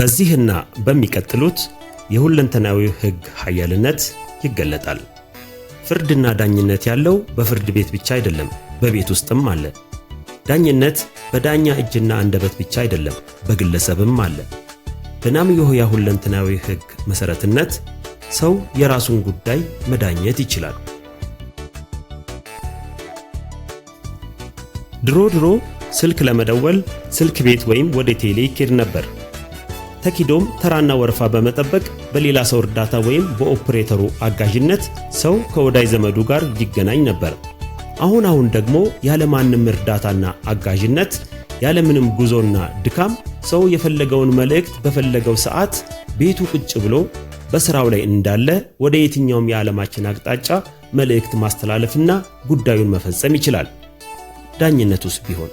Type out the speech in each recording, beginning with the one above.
በዚህና በሚቀጥሉት የሁለንተናዊ ሕግ ኃያልነት ይገለጣል። ፍርድና ዳኝነት ያለው በፍርድ ቤት ብቻ አይደለም፣ በቤት ውስጥም አለ። ዳኝነት በዳኛ እጅና አንደበት ብቻ አይደለም፣ በግለሰብም አለ። በናምዮህ ሁለንተናዊ ሕግ መሠረትነት ሰው የራሱን ጉዳይ መዳኘት ይችላል። ድሮ ድሮ ስልክ ለመደወል ስልክ ቤት ወይም ወደ ቴሌ ይኬድ ነበር። ተኪዶም ተራና ወረፋ በመጠበቅ በሌላ ሰው እርዳታ ወይም በኦፕሬተሩ አጋዥነት ሰው ከወዳጅ ዘመዱ ጋር ይገናኝ ነበር። አሁን አሁን ደግሞ ያለማንም እርዳታና አጋዥነት ያለምንም ጉዞና ድካም ሰው የፈለገውን መልእክት በፈለገው ሰዓት ቤቱ ቁጭ ብሎ በስራው ላይ እንዳለ ወደ የትኛውም የዓለማችን አቅጣጫ መልእክት ማስተላለፍና ጉዳዩን መፈጸም ይችላል። ዳኝነቱስ ቢሆን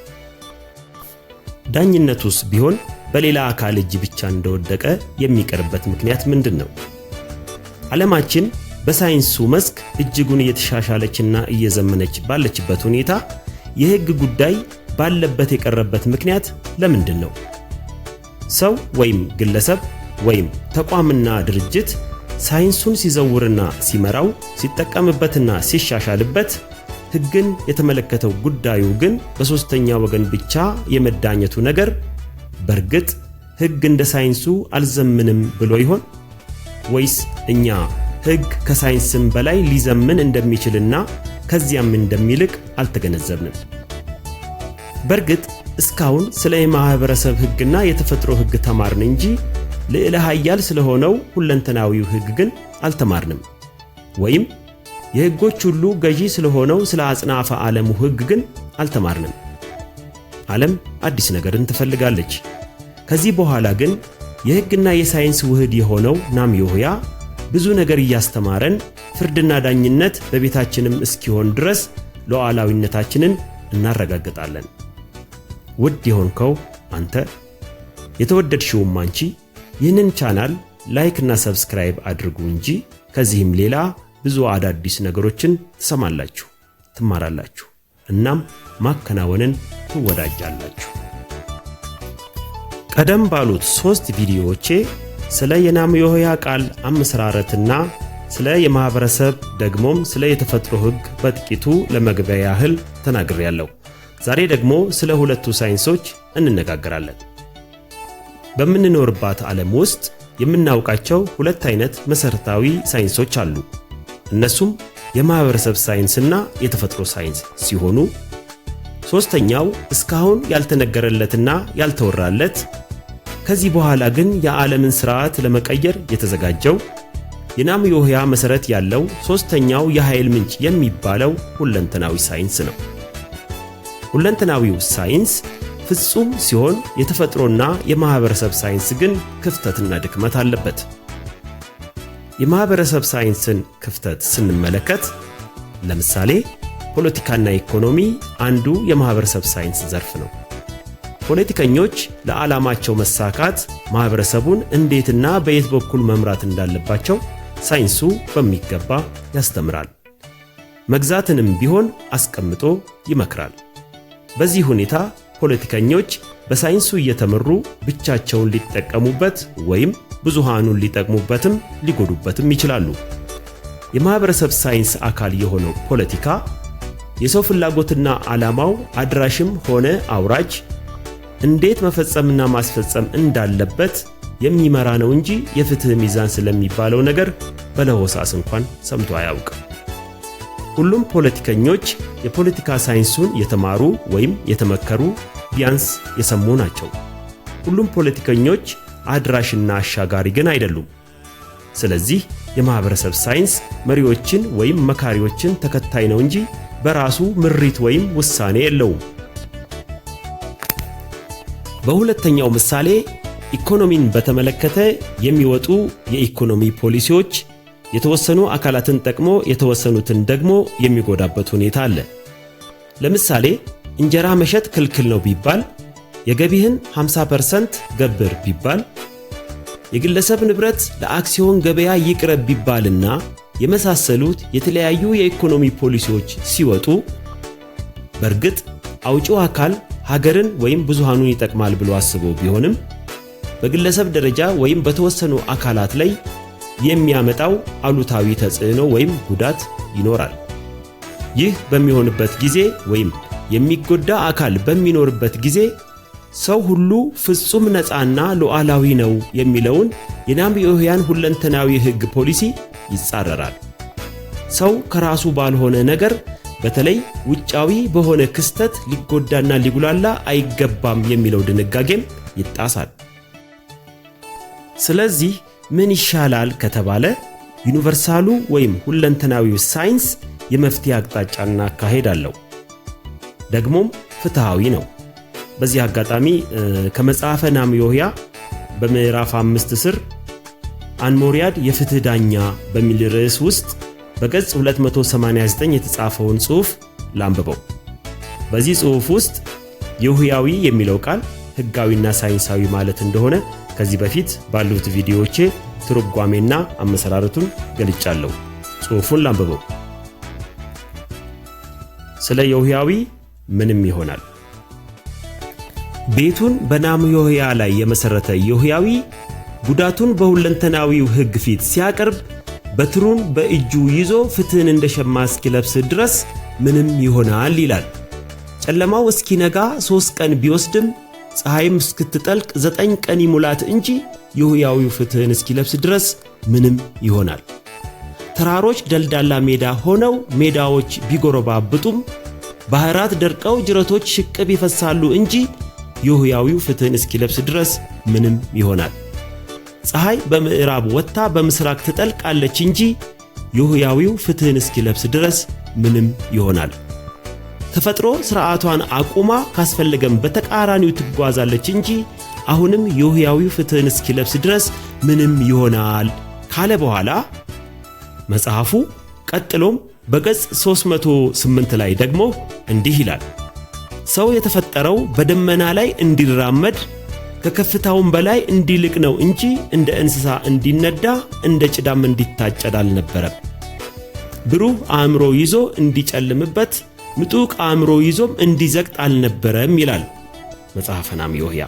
ዳኝነቱስ ቢሆን በሌላ አካል እጅ ብቻ እንደወደቀ የሚቀርበት ምክንያት ምንድን ነው? ዓለማችን በሳይንሱ መስክ እጅጉን እየተሻሻለችና እየዘመነች ባለችበት ሁኔታ የሕግ ጉዳይ ባለበት የቀረበት ምክንያት ለምንድን ነው? ሰው ወይም ግለሰብ ወይም ተቋምና ድርጅት ሳይንሱን ሲዘውርና ሲመራው ሲጠቀምበትና ሲሻሻልበት ሕግን የተመለከተው ጉዳዩ ግን በሦስተኛ ወገን ብቻ የመዳኘቱ ነገር በእርግጥ ሕግ እንደ ሳይንሱ አልዘምንም ብሎ ይሆን? ወይስ እኛ ሕግ ከሳይንስም በላይ ሊዘምን እንደሚችልና ከዚያም እንደሚልቅ አልተገነዘብንም? በእርግጥ እስካሁን ስለ የማኅበረሰብ ሕግና የተፈጥሮ ሕግ ተማርን እንጂ ልዕለ ኃያል ስለሆነው ሁለንተናዊው ሕግ ግን አልተማርንም። ወይም የሕጎች ሁሉ ገዢ ስለሆነው ስለ አጽናፈ ዓለሙ ሕግ ግን አልተማርንም። ዓለም አዲስ ነገርን ትፈልጋለች። ከዚህ በኋላ ግን የሕግና የሳይንስ ውህድ የሆነው ናምዮህያ ብዙ ነገር እያስተማረን ፍርድና ዳኝነት በቤታችንም እስኪሆን ድረስ ሉዓላዊነታችንን እናረጋግጣለን። ውድ የሆንከው አንተ፣ የተወደድሽውም አንቺ ይህንን ቻናል ላይክና ሰብስክራይብ አድርጉ እንጂ ከዚህም ሌላ ብዙ አዳዲስ ነገሮችን ትሰማላችሁ፣ ትማራላችሁ፣ እናም ማከናወንን ትወዳጃላችሁ። ቀደም ባሉት ሶስት ቪዲዮዎቼ ስለ የናምዮህያ ቃል አመሰራረትና ስለ የማኅበረሰብ ደግሞም ስለ የተፈጥሮ ሕግ በጥቂቱ ለመግቢያ ያህል ተናግሬያለሁ። ዛሬ ደግሞ ስለ ሁለቱ ሳይንሶች እንነጋገራለን። በምንኖርባት ዓለም ውስጥ የምናውቃቸው ሁለት አይነት መሠረታዊ ሳይንሶች አሉ። እነሱም የማኅበረሰብ ሳይንስና የተፈጥሮ ሳይንስ ሲሆኑ ሦስተኛው እስካሁን ያልተነገረለትና ያልተወራለት ከዚህ በኋላ ግን የዓለምን ሥርዓት ለመቀየር የተዘጋጀው የናምዮህያ መሠረት ያለው ሦስተኛው የኃይል ምንጭ የሚባለው ሁለንተናዊ ሳይንስ ነው። ሁለንተናዊው ሳይንስ ፍጹም ሲሆን የተፈጥሮና የማኅበረሰብ ሳይንስ ግን ክፍተትና ድክመት አለበት። የማኅበረሰብ ሳይንስን ክፍተት ስንመለከት ለምሳሌ ፖለቲካና ኢኮኖሚ አንዱ የማኅበረሰብ ሳይንስ ዘርፍ ነው። ፖለቲከኞች ለዓላማቸው መሳካት ማኅበረሰቡን እንዴትና በየት በኩል መምራት እንዳለባቸው ሳይንሱ በሚገባ ያስተምራል። መግዛትንም ቢሆን አስቀምጦ ይመክራል። በዚህ ሁኔታ ፖለቲከኞች በሳይንሱ እየተመሩ ብቻቸውን ሊጠቀሙበት ወይም ብዙሃኑን ሊጠቅሙበትም ሊጎዱበትም ይችላሉ። የማኅበረሰብ ሳይንስ አካል የሆነው ፖለቲካ የሰው ፍላጎትና ዓላማው አድራሽም ሆነ አውራጅ እንዴት መፈጸምና ማስፈጸም እንዳለበት የሚመራ ነው እንጂ የፍትህ ሚዛን ስለሚባለው ነገር በለሆሳስ እንኳን ሰምቶ አያውቅም። ሁሉም ፖለቲከኞች የፖለቲካ ሳይንሱን የተማሩ ወይም የተመከሩ ቢያንስ የሰሙ ናቸው። ሁሉም ፖለቲከኞች አድራሽና አሻጋሪ ግን አይደሉም። ስለዚህ የማህበረሰብ ሳይንስ መሪዎችን ወይም መካሪዎችን ተከታይ ነው እንጂ በራሱ ምሪት ወይም ውሳኔ የለውም። በሁለተኛው ምሳሌ ኢኮኖሚን በተመለከተ የሚወጡ የኢኮኖሚ ፖሊሲዎች የተወሰኑ አካላትን ጠቅሞ የተወሰኑትን ደግሞ የሚጎዳበት ሁኔታ አለ። ለምሳሌ እንጀራ መሸጥ ክልክል ነው ቢባል የገቢህን 50% ገብር ቢባል የግለሰብ ንብረት ለአክሲዮን ገበያ ይቅረብ ቢባልና የመሳሰሉት የተለያዩ የኢኮኖሚ ፖሊሲዎች ሲወጡ በእርግጥ አውጪው አካል ሀገርን ወይም ብዙሃኑን ይጠቅማል ብሎ አስቦ ቢሆንም በግለሰብ ደረጃ ወይም በተወሰኑ አካላት ላይ የሚያመጣው አሉታዊ ተጽዕኖ ወይም ጉዳት ይኖራል። ይህ በሚሆንበት ጊዜ ወይም የሚጎዳ አካል በሚኖርበት ጊዜ ሰው ሁሉ ፍጹም ነፃና ሉዓላዊ ነው የሚለውን የናምዮህያን ሁለንተናዊ ሕግ ፖሊሲ ይጻረራል። ሰው ከራሱ ባልሆነ ነገር በተለይ ውጫዊ በሆነ ክስተት ሊጎዳና ሊጉላላ አይገባም የሚለው ድንጋጌም ይጣሳል። ስለዚህ ምን ይሻላል ከተባለ ዩኒቨርሳሉ ወይም ሁለንተናዊው ሳይንስ የመፍትሄ አቅጣጫና አካሄድ አለው፣ ደግሞም ፍትሐዊ ነው። በዚህ አጋጣሚ ከመጽሐፈ ናምዮህያ በምዕራፍ አምስት ስር አንሞሪያድ የፍትህ ዳኛ በሚል ርዕስ ውስጥ በገጽ 289 የተጻፈውን ጽሑፍ ላንብበው። በዚህ ጽሑፍ ውስጥ የውህያዊ የሚለው ቃል ሕጋዊና ሳይንሳዊ ማለት እንደሆነ ከዚህ በፊት ባሉት ቪዲዮዎቼ ትርጓሜና አመሰራረቱን ገልጫለሁ። ጽሑፉን ላንብበው። ስለ የሁያዊ ምንም ይሆናል። ቤቱን በናምዮህያ ላይ የመሠረተ የሁያዊ ጉዳቱን በሁለንተናዊው ሕግ ፊት ሲያቀርብ በትሩን በእጁ ይዞ ፍትህን እንደ ሸማ እስኪለብስ ድረስ ምንም ይሆናል ይላል። ጨለማው እስኪነጋ ሦስት ቀን ቢወስድም ፀሐይም እስክትጠልቅ ዘጠኝ ቀን ይሙላት እንጂ የሕያዊው ፍትሕን እስኪለብስ ድረስ ምንም ይሆናል። ተራሮች ደልዳላ ሜዳ ሆነው ሜዳዎች ቢጎረባብጡም ባሕራት ደርቀው ጅረቶች ሽቅብ ይፈሳሉ እንጂ የሕያዊው ፍትሕን እስኪለብስ ድረስ ምንም ይሆናል። ፀሐይ በምዕራብ ወጥታ በምስራቅ ትጠልቃለች እንጂ ይሁያዊው ፍትሕን እስኪለብስ ድረስ ምንም ይሆናል። ተፈጥሮ ሥርዓቷን አቁማ ካስፈለገም በተቃራኒው ትጓዛለች እንጂ አሁንም ይሁያዊው ፍትሕን እስኪለብስ ድረስ ምንም ይሆናል ካለ በኋላ መጽሐፉ ቀጥሎም በገጽ 308 ላይ ደግሞ እንዲህ ይላል። ሰው የተፈጠረው በደመና ላይ እንዲራመድ ከከፍታውም በላይ እንዲልቅ ነው እንጂ እንደ እንስሳ እንዲነዳ እንደ ጭዳም እንዲታጨድ አልነበረም። ብሩህ አእምሮ ይዞ እንዲጨልምበት ምጡቅ አእምሮ ይዞም እንዲዘግጥ አልነበረም ይላል መጽሐፈ ዮህያ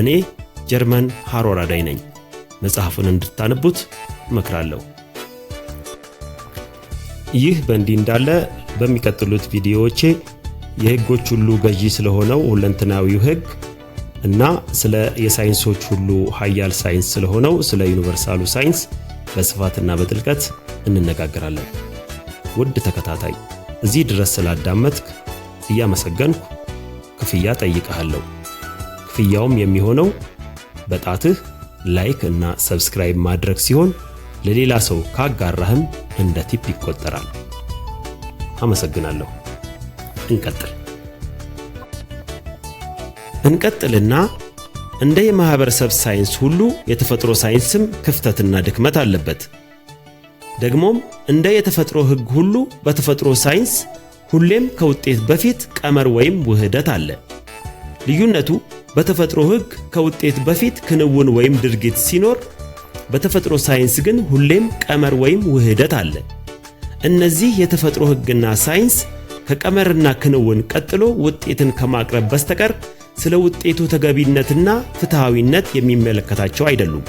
እኔ ጀርመን ሃሮራዳይ ነኝ። መጽሐፉን እንድታነቡት እመክራለሁ። ይህ በእንዲህ እንዳለ በሚቀጥሉት ቪዲዮዎቼ የሕጎች ሁሉ ገዢ ስለሆነው ሁለንተናዊው ሕግ እና ስለ የሳይንሶች ሁሉ ሀያል ሳይንስ ስለሆነው ስለ ዩኒቨርሳሉ ሳይንስ በስፋትና በጥልቀት እንነጋገራለን። ውድ ተከታታይ እዚህ ድረስ ስላዳመጥክ እያመሰገንኩ ክፍያ ጠይቀሃለሁ። ክፍያውም የሚሆነው በጣትህ ላይክ እና ሰብስክራይብ ማድረግ ሲሆን ለሌላ ሰው ካጋራህም እንደ ቲፕ ይቆጠራል። አመሰግናለሁ። እንቀጥል። እንቀጥልና እንደ የማህበረሰብ ሳይንስ ሁሉ የተፈጥሮ ሳይንስም ክፍተትና ድክመት አለበት። ደግሞም እንደ የተፈጥሮ ሕግ ሁሉ በተፈጥሮ ሳይንስ ሁሌም ከውጤት በፊት ቀመር ወይም ውህደት አለ። ልዩነቱ በተፈጥሮ ሕግ ከውጤት በፊት ክንውን ወይም ድርጊት ሲኖር፣ በተፈጥሮ ሳይንስ ግን ሁሌም ቀመር ወይም ውህደት አለ። እነዚህ የተፈጥሮ ሕግና ሳይንስ ከቀመርና ክንውን ቀጥሎ ውጤትን ከማቅረብ በስተቀር ስለ ውጤቱ ተገቢነትና ፍትሐዊነት የሚመለከታቸው አይደሉም።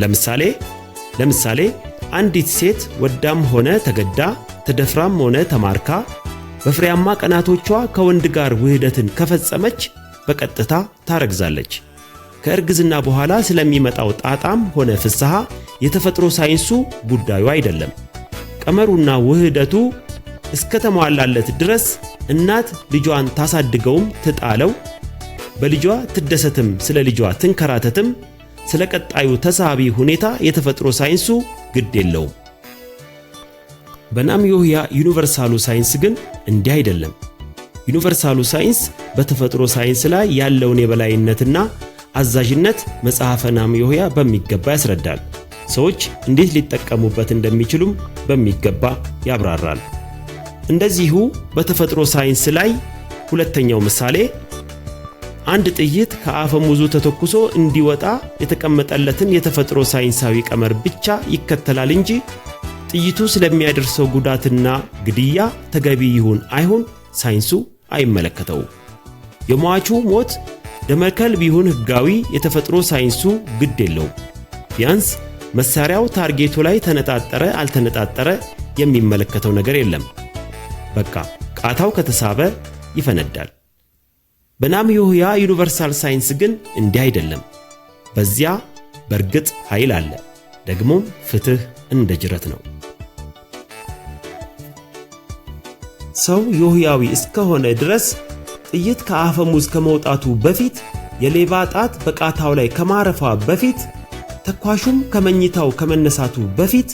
ለምሳሌ ለምሳሌ አንዲት ሴት ወዳም ሆነ ተገዳ ተደፍራም ሆነ ተማርካ በፍሬያማ ቀናቶቿ ከወንድ ጋር ውህደትን ከፈጸመች በቀጥታ ታረግዛለች። ከእርግዝና በኋላ ስለሚመጣው ጣጣም ሆነ ፍስሐ የተፈጥሮ ሳይንሱ ጉዳዩ አይደለም። ቀመሩና ውህደቱ እስከተሟላለት ድረስ እናት ልጇን ታሳድገውም ትጣለው፣ በልጇ ትደሰትም፣ ስለ ልጇ ትንከራተትም፣ ስለ ቀጣዩ ተሳቢ ሁኔታ የተፈጥሮ ሳይንሱ ግድ የለውም። በናምዮህያ ዩኒቨርሳሉ ሳይንስ ግን እንዲህ አይደለም። ዩኒቨርሳሉ ሳይንስ በተፈጥሮ ሳይንስ ላይ ያለውን የበላይነትና አዛዥነት መጽሐፈ ናምዮህያ በሚገባ ያስረዳል። ሰዎች እንዴት ሊጠቀሙበት እንደሚችሉም በሚገባ ያብራራል። እንደዚሁ በተፈጥሮ ሳይንስ ላይ ሁለተኛው ምሳሌ አንድ ጥይት ከአፈሙዙ ተተኩሶ እንዲወጣ የተቀመጠለትን የተፈጥሮ ሳይንሳዊ ቀመር ብቻ ይከተላል እንጂ ጥይቱ ስለሚያደርሰው ጉዳትና ግድያ ተገቢ ይሁን አይሁን ሳይንሱ አይመለከተው። የሟቹ ሞት ደመከል ቢሆን ሕጋዊ የተፈጥሮ ሳይንሱ ግድ የለው። ቢያንስ መሳሪያው ታርጌቱ ላይ ተነጣጠረ አልተነጣጠረ የሚመለከተው ነገር የለም። በቃ ቃታው ከተሳበ ይፈነዳል። በናም በናምዮህያ ዩኒቨርሳል ሳይንስ ግን እንዲህ አይደለም። በዚያ በእርግጥ ኃይል አለ፣ ደግሞም ፍትህ እንደ ጅረት ነው። ሰው ዮህያዊ እስከሆነ ድረስ ጥይት ከአፈሙዝ ከመውጣቱ በፊት የሌባ ጣት በቃታው ላይ ከማረፏ በፊት ተኳሹም ከመኝታው ከመነሳቱ በፊት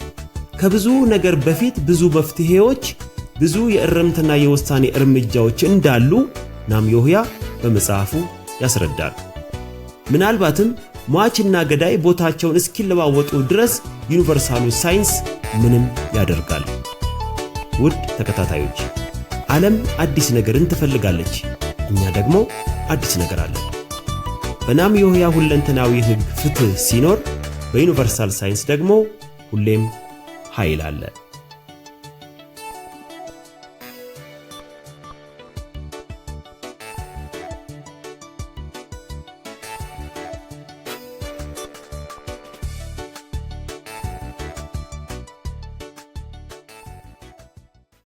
ከብዙ ነገር በፊት ብዙ መፍትሄዎች። ብዙ የእርምትና የውሳኔ እርምጃዎች እንዳሉ ናምዮህያ በመጽሐፉ ያስረዳል። ምናልባትም ሟችና ገዳይ ቦታቸውን እስኪለዋወጡ ድረስ ዩኒቨርሳሉ ሳይንስ ምንም ያደርጋል። ውድ ተከታታዮች፣ ዓለም አዲስ ነገርን ትፈልጋለች። እኛ ደግሞ አዲስ ነገር አለን። በናምዮህያ ሁለንተናዊ ሕግ ፍትሕ ሲኖር፣ በዩኒቨርሳል ሳይንስ ደግሞ ሁሌም ኃይል አለ።